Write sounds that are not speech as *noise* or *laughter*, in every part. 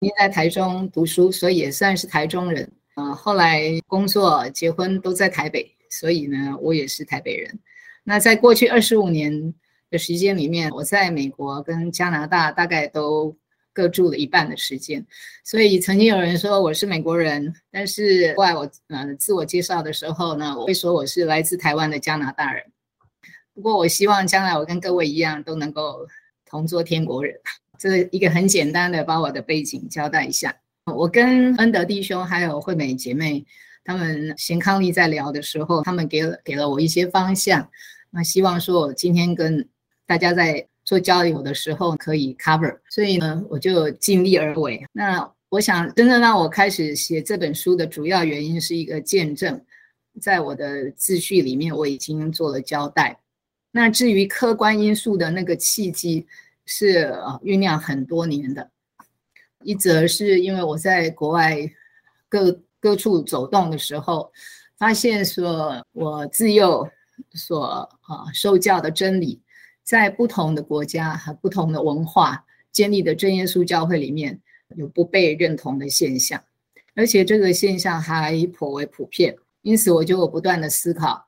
因為在台中讀書，所以也算是台中人。呃，後來工作、結婚都在台北，所以呢，我也是台北人。那在過去二十五年的時間裡面，我在美國跟加拿大大概都各住了一半的時間。所以曾經有人說我是美國人，但是後來我呃自我介紹的時候呢，我會說我是來自台灣的加拿大人。不過我希望將來我跟各位一樣，都能夠同做天國人。這一個很簡單的，把我的背景交代一下。我跟恩德弟兄還有惠美姐妹他們賢伉儷在聊的時候，他們給了給了我一些方向。那希望說我今天跟大家在做交流的時候可以 cover。所以呢，我就盡力而為。那我想，真正讓我開始寫這本書的主要原因是一個見證，在我的自序裡面我已經做了交代。那至於客觀因素的那個契機。是呃，醞釀很多年的。一則是因為我在國外各各處走動的時候，發現說我自幼所啊受教的真理，在不同的國家和不同的文化建立的真耶穌教會裡面，有不被認同的現象，而且這個現象還頗為普遍。因此，我就不斷地思考：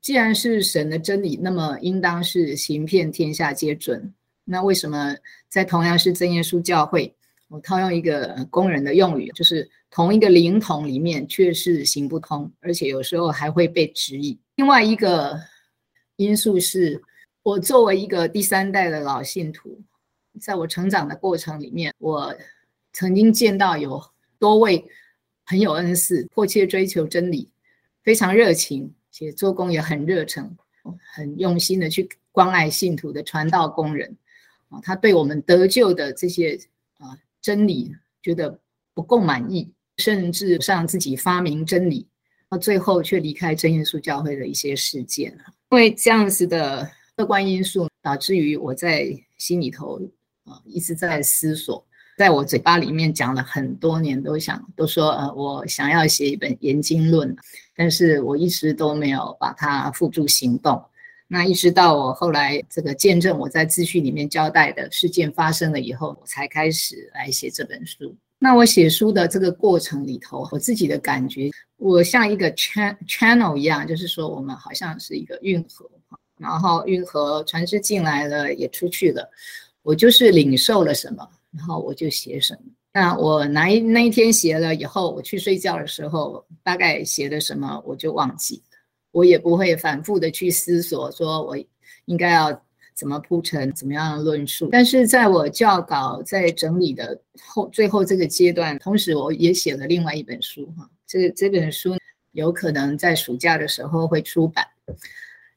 既然是神的真理，那麼應當是行遍天下皆準。那為什麼在同樣是真耶穌教會，我套用一個工人的用語，就是同一個靈統裡面卻是行不通，而且有時候還會被質疑。另外一個因素是，我作為一個第三代的老信徒，在我成長的過程裡面，我曾經見到有多位很有恩賜、迫切追求真理、非常熱情而且做工也很熱誠、很用心的去關愛信徒的傳道工人。啊，他對我們得救的這些啊真理覺得不夠滿意，甚至上自己發明真理，到、啊、最後卻離開真耶穌教會的一些事件，因為這樣子的客觀因素，導致於我在心裡頭啊一直在思索，在我嘴巴裡面講了很多年都想，都想都說呃，我想要寫一本《研經論》，但是我一直都沒有把它付諸行動。那一直到我後來這個見證，我在自序裡面交代的事件發生了以後，我才開始來寫這本書。那我寫書的這個過程裡頭，我自己的感覺，我像一個 channel 一樣，就是說我們好像是一個運河，然後運河船隻進來了也出去了，我就是領受了什麼，然後我就寫什麼。那我那一那一天寫了以後，我去睡覺的時候，大概寫的什麼我就忘記。我也不會反覆的去思索，說我應該要怎麼鋪陳，怎麼樣的論述。但是在我校稿在整理的後最後這個階段，同時我也寫了另外一本書哈。這個這本書有可能在暑假的時候會出版。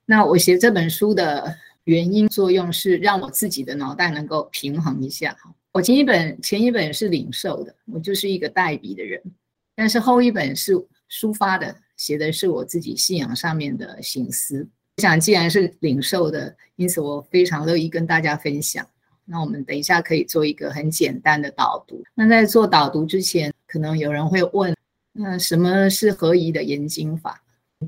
那我寫這本書的原因作用是讓我自己的腦袋能夠平衡一下。我前一本前一本是領受的，我就是一個代筆的人，但是後一本是抒發的。寫的是我自己信仰上面的心思，我想既然是領受的，因此我非常樂意跟大家分享。那我們等一下可以做一個很簡單的導讀。那在做導讀之前，可能有人會問：那什麼是合宜的研經法？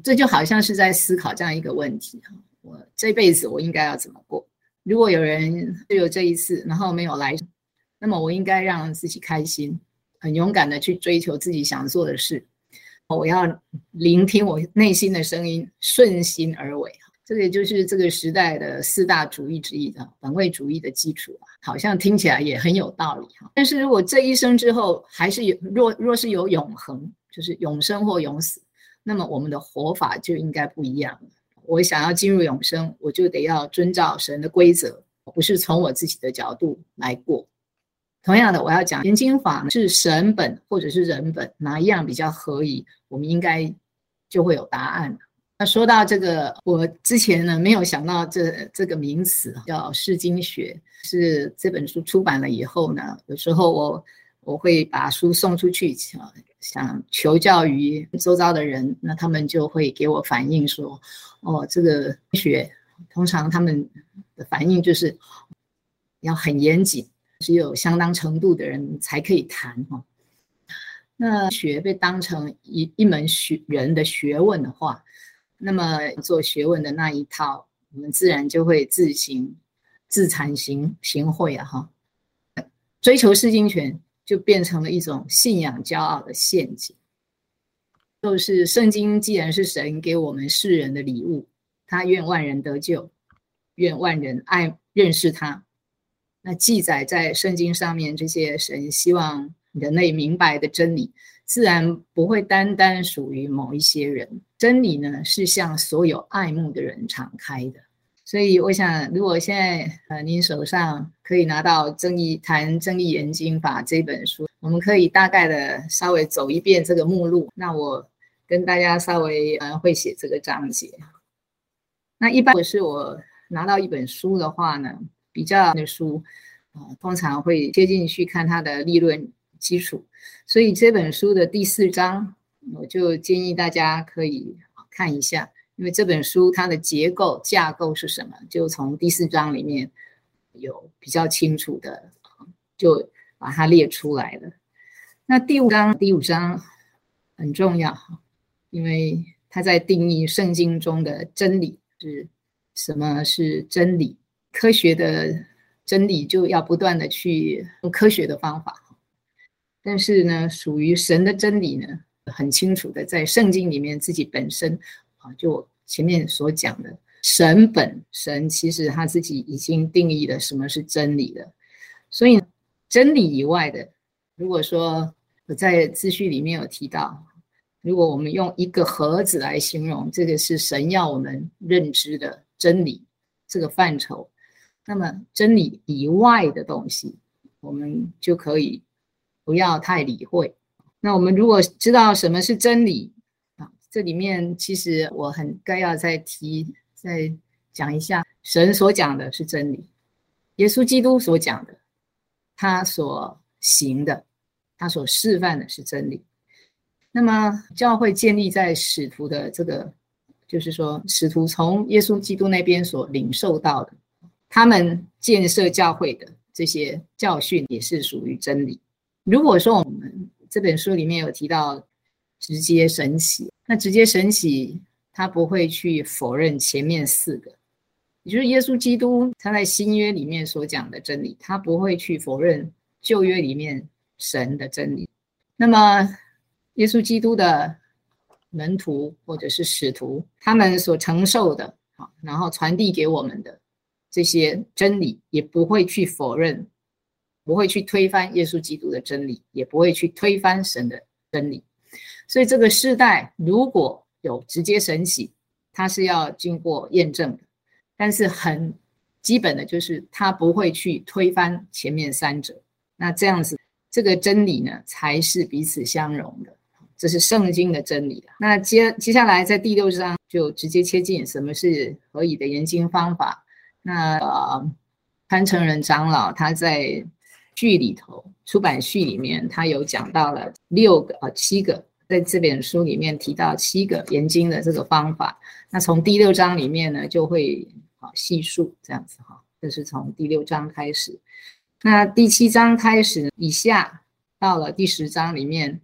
這就好像是在思考這樣一個問題：哈，我這輩子我應該要怎麼過？如果有人只有這一次，然後沒有來，那麼我應該讓自己開心，很勇敢的去追求自己想做的事。我要聆聽我內心的聲音，順心而為，這個就是這個時代的四大主義之一的本位主義的基礎，好像聽起來也很有道理哈。但是如果這一生之後還是有若若是有永恆，就是永生或永死，那麼我們的活法就應該不一樣了。我想要進入永生，我就得要遵照神的規則，不是從我自己的角度來過。同樣的，我要講研經法，是神本或者是人本，哪一樣比較合宜？我們應該就會有答案。那說到這個，我之前呢沒有想到這這個名詞啊，叫釋經學，是這本書出版了以後呢，有時候我我會把書送出去啊，想求教於周遭的人，那他們就會給我反映說，哦，這個學，通常他們的反應就是要很嚴謹。只有相當程度的人才可以談哈。那學被當成一一門學人的學問的話，那麼做學問的那一套，我們自然就會自行自慚形形穢了哈。追求釋經權就變成了一種信仰驕傲的陷阱。就是聖經既然是神給我們世人的禮物，他願萬人得救，願萬人愛，認識他。那記載在聖經上面這些神希望人類明白的真理，自然不會單單屬於某一些人。真理呢，是向所有愛慕的人敞開的。所以，我想，如果現在呃您手上可以拿到《正意談正意研經法》這本書，我們可以大概的稍微走一遍這個目錄。那我跟大家稍微呃會寫這個章節。那一般我是我拿到一本書的話呢？比較的書啊，通常會接近去看它的理論基礎，所以這本書的第四章，我就建議大家可以看一下，因為這本書它的結構架構是什麼，就從第四章裡面有比較清楚的，就把它列出來了。那第五章，第五章很重要，因為它在定義聖經中的真理，就是什麼是真理。科學的真理就要不斷的去用科學的方法，但是呢，屬於神的真理呢，很清楚的在聖經裡面自己本身啊，就前面所講的神本神，其實他自己已經定義了什麼是真理的，所以真理以外的，如果說我在資訊裡面有提到，如果我們用一個盒子來形容，這個是神要我們認知的真理，這個範疇。那麼真理以外的東西，我們就可以不要太理會。那我們如果知道什麼是真理啊，這裡面其實我很該要再提、再講一下：神所講的是真理，耶穌基督所講的，他所行的，他所示範的是真理。那麼教會建立在使徒的這個，就是說使徒從耶穌基督那邊所領受到的。他們建設教會的這些教訓也是屬於真理。如果說我們這本書裡面有提到直接神啟，那直接神啟他不會去否認前面四個，也就是耶穌基督他在新約裡面所講的真理，他不會去否認舊約裡面神的真理。那麼耶穌基督的門徒或者是使徒他們所承受的，好，然後傳遞給我們的。這些真理也不會去否認，不會去推翻耶穌基督的真理，也不會去推翻神的真理。所以這個世代如果有直接神啟，它是要經過驗證的。但是很基本的就是它不會去推翻前面三者。那這樣子，這個真理呢才是彼此相容的。這是聖經的真理。那接接下來在第六章就直接切進什麼是何以的研經方法。那呃，潘承仁長老他在序裡頭，出版序裡面，他有講到了六個啊、哦、七個，在這本書裡面提到七個研經的這個方法。那從第六章裡面呢，就會好、哦，細述這樣子哈，這是從第六章開始。那第七章開始以下，到了第十章裡面，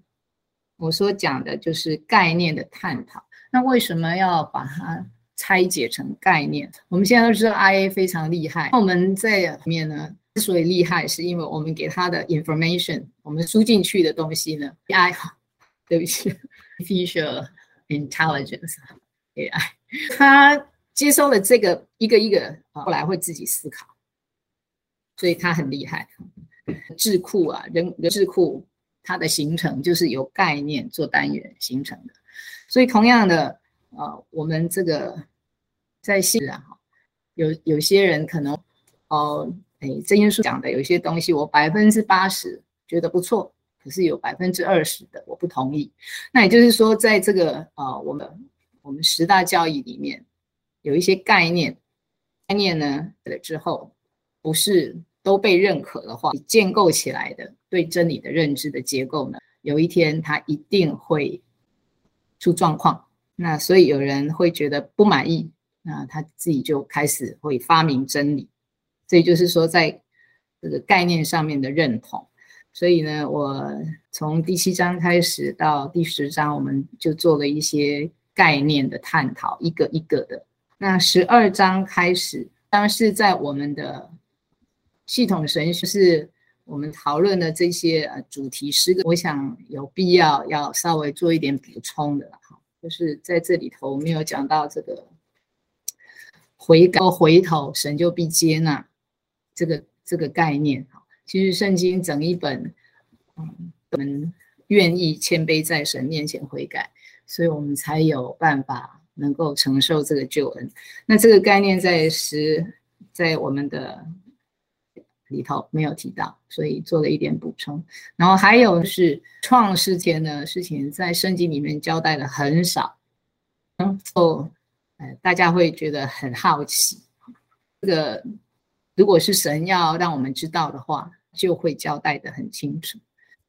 我所講的就是概念的探討。那為什麼要把它拆解成概念，我們現在都知道 AI 非常厲害。那我們這裡面呢，之所以厲害，是因為我們給它的 information，我們輸進去的東西呢，AI，、啊、對不起 *laughs* ，artificial intelligence AI，它接收了這個一個一個、啊，後來會自己思考，所以它很厲害。智庫啊，人，人智庫，它的形成就是由概念做單元形成的，所以同樣的。啊、呃，我們這個在信仰啊，有有些人可能，哦、呃，哎，正意研經講的有些東西，我百分之八十覺得不錯，可是有百分之二十的我不同意。那也就是說，在這個啊、呃，我們我們十大教義裡面，有一些概念，概念呢之後不是都被認可的話，建構起來的對真理的認知的結構呢，有一天它一定會出狀況。那所以有人會覺得不滿意，那他自己就開始會發明真理，所以就是說在這個概念上面的認同。所以呢，我從第七章開始到第十章，我們就做了一些概念的探討，一個一個的。那十二章開始，當然是在我們的系統神學是，我們討論的這些呃主題是個，我想有必要要稍微做一點補充的。就是在這裡頭我們有講到這個悔改，回頭神就必接納這個這個概念。其實聖經整一本，嗯，我們願意謙卑在神面前悔改，所以我們才有辦法能夠承受這個救恩。那這個概念在時，在我們的。裡頭沒有提到，所以做了一點補充。然後還有是創世前的事情，在聖經裡面交代的很少，然、嗯、後、so, 呃，大家會覺得很好奇。這個如果是神要讓我們知道的話，就會交代的很清楚。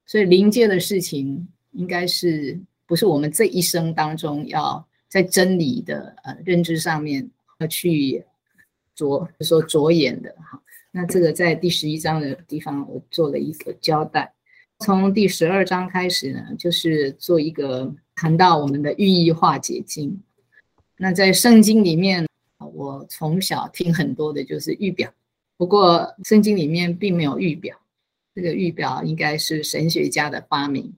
所以靈界的事情，應該是不是我們這一生當中要在真理的呃認知上面要去着，就是、說着眼的哈。那這個在第十一章的地方，我做了一個交代。從第十二章開始呢，就是做一個談到我們的寓意化解經。那在聖經裡面，我從小聽很多的就是預表，不過聖經裡面並沒有預表，這個預表應該是神學家的發明。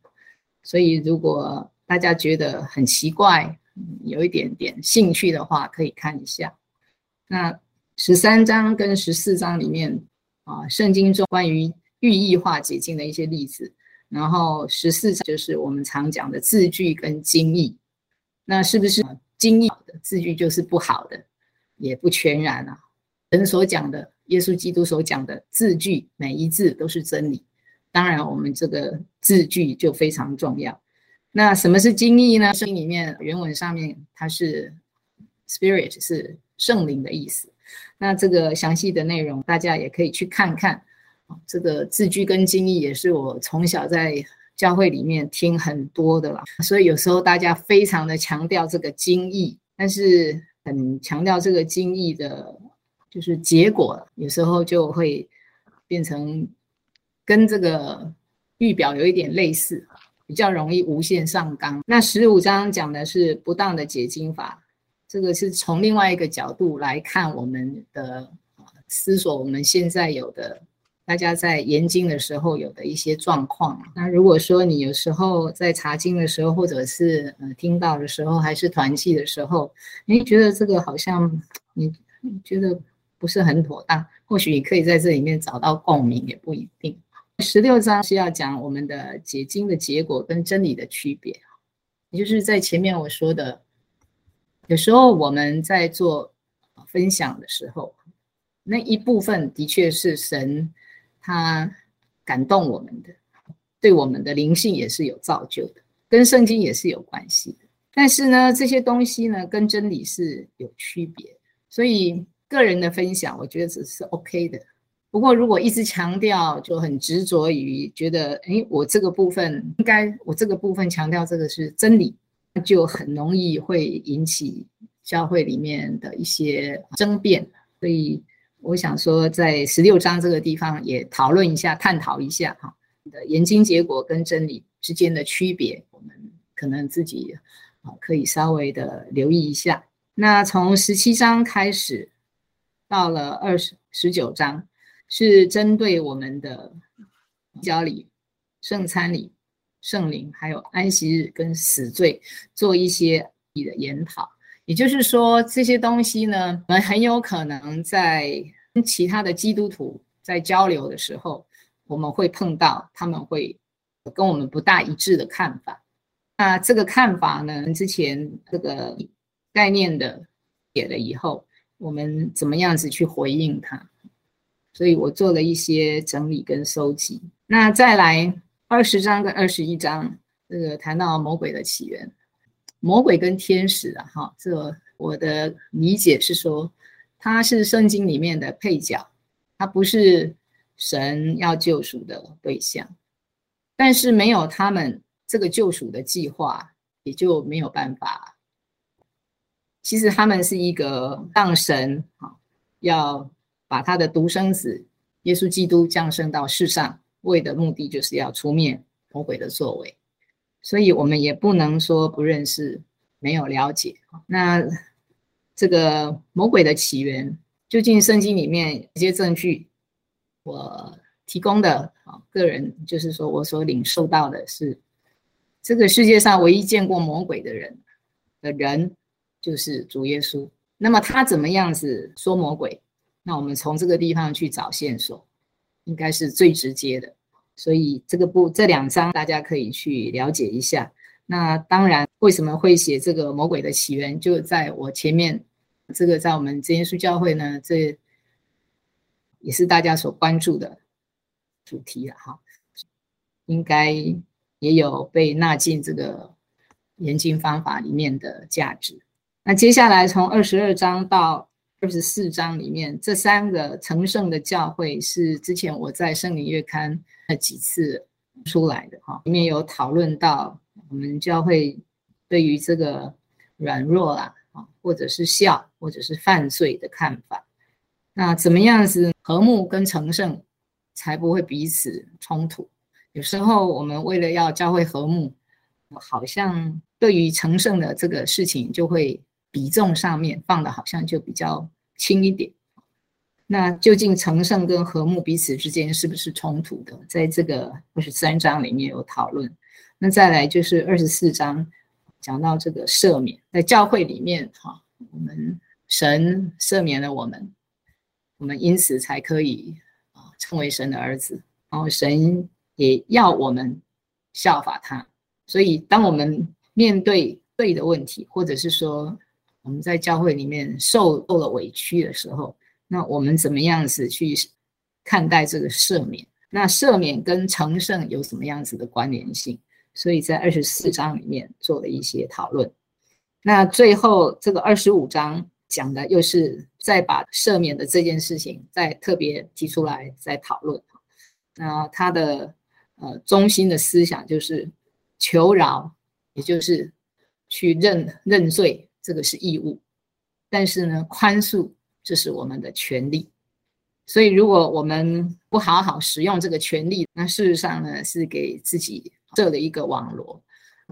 所以如果大家覺得很奇怪，有一點點興趣的話，可以看一下。那。十三章跟十四章裡面啊，聖經中關於寓意化解經的一些例子。然後十四章就是我們常講的字句跟經義，那是不是經義好的，字句就是不好的？也不全然啊。人所講的，耶穌基督所講的字句，每一字都是真理。當然，我們這個字句就非常重要。那什麼是經義呢？聖經裡面原文上面，它是 spirit，是聖靈的意思。那這個詳細的內容，大家也可以去看看。這個字句跟經義也是我從小在教會裡面聽很多的啦，所以有時候大家非常的強調這個經義，但是很強調這個經義的，就是結果，有時候就會變成跟這個預表有一點類似，比較容易無限上綱。那十五章講的是不當的解經法。這個是從另外一個角度來看我們的啊思索，我們現在有的大家在研經的時候有的一些狀況。那如果說你有時候在查經的時候，或者是呃聽到的時候，還是團契的時候，哎，你覺得這個好像你覺得不是很妥當，或許你可以在這裡面找到共鳴，也不一定。十六章是要講我們的解經的結果跟真理的區別，也就是在前面我說的。有時候我們在做分享的時候，那一部分的確是神他感動我們的，對我們的靈性也是有造就的，跟聖經也是有關係的。但是呢，這些東西呢跟真理是有區別，所以個人的分享我覺得只是 OK 的。不過如果一直強調就很執着於覺得，誒，我這個部分應該我這個部分強調這個是真理。那就很容易會引起教會裡面的一些爭辯，所以我想說，在十六章這個地方也討論一下、探討一下哈，你的研究結果跟真理之間的區別，我們可能自己啊可以稍微的留意一下。那從十七章開始到了二十、十九章，是針對我們的教理、聖餐禮。聖靈，還有安息日跟死罪，做一些的研討。也就是說，這些東西呢，我們很有可能在跟其他的基督徒在交流的時候，我們會碰到他們會跟我們不大一致的看法。那這個看法呢，之前這個概念的解了以後，我們怎麼樣子去回應它？所以我做了一些整理跟收集。那再來。二十章跟二十一章，這個談到魔鬼的起源，魔鬼跟天使啊，哈，這我的理解是說，他是聖經裡面的配角，他不是神要救贖的對象，但是沒有他們這個救贖的計劃，也就沒有辦法。其實他們是一個當神哈要把他的獨生子耶穌基督降生到世上。為的目的就是要除滅魔鬼的作為，所以我們也不能說不認識、沒有了解。那這個魔鬼的起源究竟聖經裡面一些證據，我提供的啊，個人就是說我所領受到的是，這個世界上唯一見過魔鬼的人的人就是主耶穌。那麼他怎麼樣子說魔鬼？那我們從這個地方去找線索。應該是最直接的，所以這個不這兩章大家可以去了解一下。那當然，為什麼會寫這個魔鬼的起源，就在我前面這個在我們真耶穌教會呢，這也是大家所關注的主題了哈。應該也有被納進這個研究方法裡面的價值。那接下來從二十二章到。二十四章裡面這三個成聖的教會是之前我在《聖靈月刊》那幾次出來的哈，裡面有討論到我們教會對於這個軟弱啊，啊或者是笑或者是犯罪的看法，那怎麼樣子和睦跟成聖才不會彼此衝突？有時候我們為了要教會和睦，好像對於成聖的這個事情就會。比重上面放的好像就比較輕一點，那究竟成聖跟和睦彼此之間是不是衝突的？在這個二十三章裡面有討論。那再來就是二十四章講到這個赦免，在教會裡面哈，我們神赦免了我們，我們因此才可以啊成為神的兒子。然後神也要我們效法他，所以當我們面對對的問題，或者是說。我們在教會裡面受夠了委屈的時候，那我們怎麼樣子去看待這個赦免？那赦免跟成聖有什麼樣子的關聯性？所以在二十四章裡面做了一些討論。那最後這個二十五章講的又是再把赦免的這件事情再特別提出來再討論。那他的呃中心的思想就是求饒，也就是去認認罪。這個是義務，但是呢，寬恕這是我們的權利。所以，如果我們不好好使用這個權利，那事實上呢，是給自己設了一個網羅。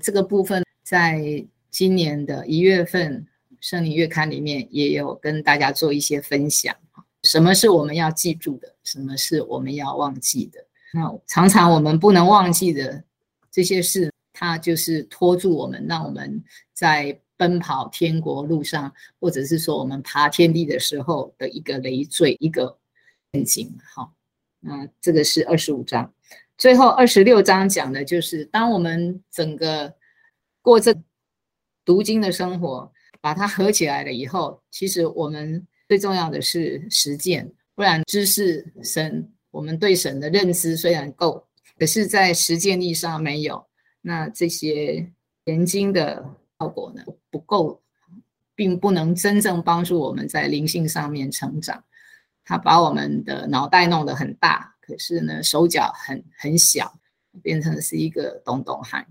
這個部分在今年的一月份《聖靈月刊》裡面也有跟大家做一些分享，什麼是我們要記住的，什麼是我們要忘記的。那常常我們不能忘記的這些事，它就是拖住我們，讓我們在奔跑天國路上，或者是說我們爬天梯的時候的一個累贅，一個陷阱。好，那這個是二十五章。最後二十六章講的就是，當我們整個過這個讀經的生活，把它合起來了以後，其實我們最重要的是實踐。不然知識深，我們對神的認知雖然夠，可是，在實踐力上沒有。那這些研經的效果呢？不夠，並不能真正幫助我們在靈性上面成長。他把我們的腦袋弄得很大，可是呢，手腳很很小，變成是一個東東漢，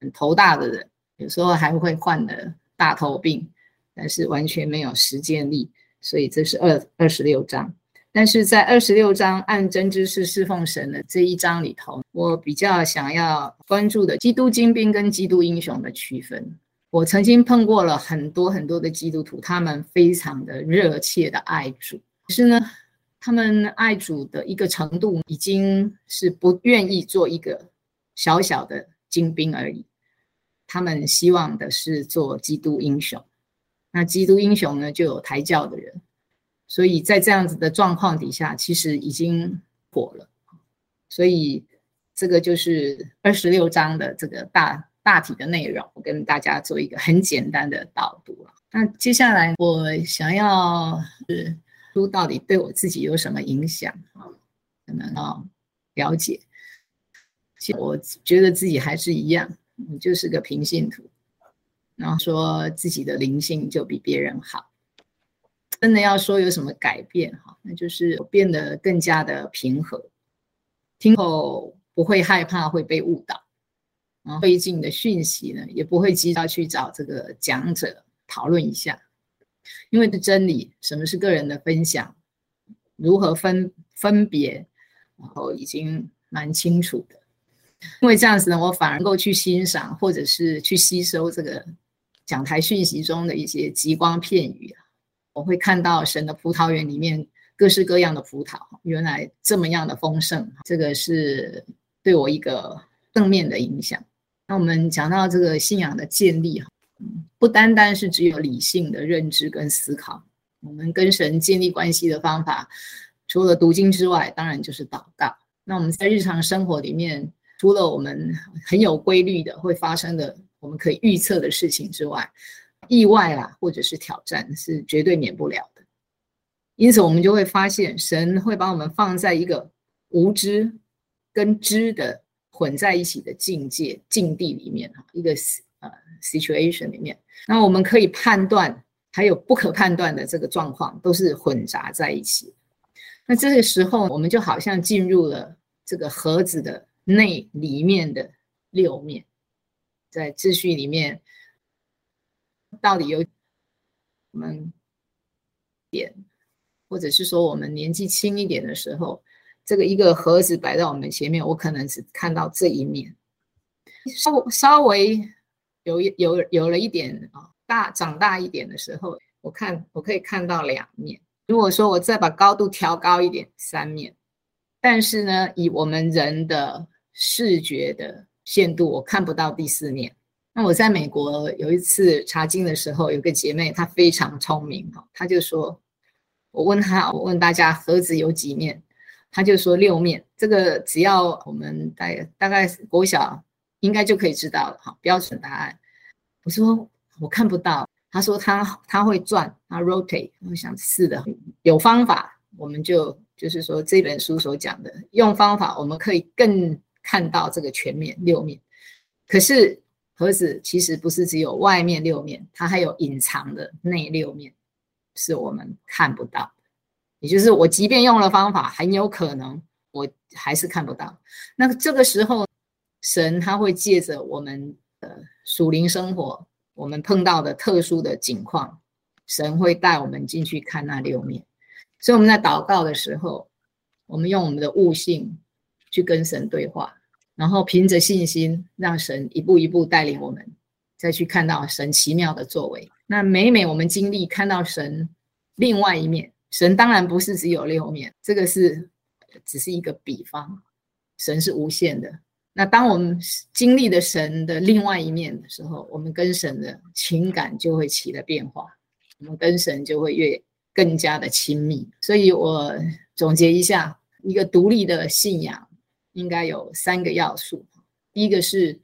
很頭大的人，有時候還會患的大頭病，但是完全沒有實踐力。所以這是二二十六章。但是在二十六章按真知識侍奉神的這一章裡頭，我比較想要關注的，基督精兵跟基督英雄的區分。我曾經碰過了很多很多的基督徒，他們非常的熱切的愛主，可是呢，他們愛主的一個程度已經是不願意做一個小小的精兵而已，他們希望的是做基督英雄。那基督英雄呢，就有抬轎的人，所以在這樣子的狀況底下，其實已經火了。所以這個就是二十六章的這個大。大體的內容，我跟大家做一個很簡單的導讀。那接下來我想要是書到底對我自己有什麼影響可能要了解。其實我覺得自己還是一樣，我就是個平信徒。然後說自己的靈性就比別人好，真的要說有什麼改變哈，那就是變得更加的平和，聽後不會害怕會被誤導。費勁的訊息呢，也不會急着去找這個講者討論一下，因為是真理。什麼是個人的分享？如何分分別？然後已經蠻清楚的。因為這樣子呢，我反而能夠去欣賞，或者是去吸收這個講台訊息中的一些吉光片羽啊。我會看到神的葡萄園裡面各式各樣的葡萄，原來這麼樣的豐盛。這個是對我一個正面的影響。那我們講到這個信仰的建立，哈，不單單是只有理性的認知跟思考，我們跟神建立關係的方法，除了讀經之外，當然就是禱告。那我們在日常生活裡面，除了我們很有規律的會發生的，我們可以預測的事情之外，意外啦、啊，或者是挑戰，是絕對免不了的。因此，我們就會發現，神會把我們放在一個無知跟知的。混在一起的境界境地裡面，哈，一個呃 situation 裡面，那我們可以判斷，還有不可判斷的這個狀況，都是混雜在一起。那這個時候，我們就好像進入了這個盒子的內裡面的六面，在秩序裡面，到底有我們點，或者是說我們年紀輕一點的時候。這個一個盒子擺在我們前面，我可能只看到這一面，稍稍微有有有了一點啊，大長大一點的時候，我看我可以看到兩面。如果說我再把高度調高一點，三面，但是呢，以我們人的視覺的限度，我看不到第四面。那我在美國有一次查經的時候，有個姐妹她非常聰明哦，她就說，我問她，我問大家，盒子有幾面？他就說六面，這個只要我們大概大概國小應該就可以知道了，好標準答案。我說我看不到，他說他他會轉，他 rotate。我想是的，有方法，我們就就是說這本書所講的，用方法我們可以更看到這個全面六面。可是盒子其實不是只有外面六面，它還有隱藏的內六面，是我們看不到。也就是我即便用了方法，很有可能我還是看不到。那這個時候，神他會借着我們的屬靈生活，我們碰到的特殊的境況，神會帶我們進去看那六面。所以我們在禱告的時候，我們用我們的悟性去跟神對話，然後憑着信心，讓神一步一步帶領我們，再去看到神奇妙的作為。那每每我們經歷看到神另外一面。神當然不是只有六面，這個是只是一個比方。神是無限的。那當我們經歷的神的另外一面的時候，我們跟神的情感就會起了變化，我們跟神就會越更加的親密。所以我總結一下，一個獨立的信仰應該有三個要素：第一個是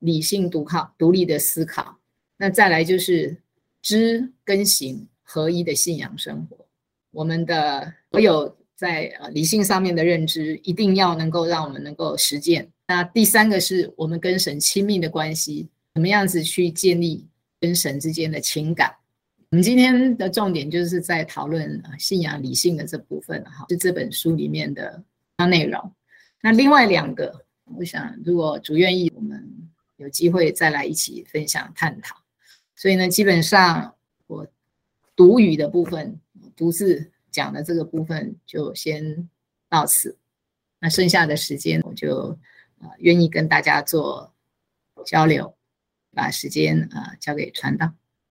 理性獨靠獨立的思考，那再來就是知跟行合一的信仰生活。我們的所有在呃理性上面的認知，一定要能夠讓我們能夠實踐。那第三個是我們跟神親密的關係，怎麼樣子去建立跟神之間的情感？我們今天的重點就是在討論信仰理性的這部分，哈，是這本書裡面的內容。那另外兩個，我想如果主願意，我們有機會再來一起分享探討。所以呢，基本上我讀語的部分。獨自講的這個部分就先到此，那剩下的時間我就啊願意跟大家做交流，把時間啊交給傳道。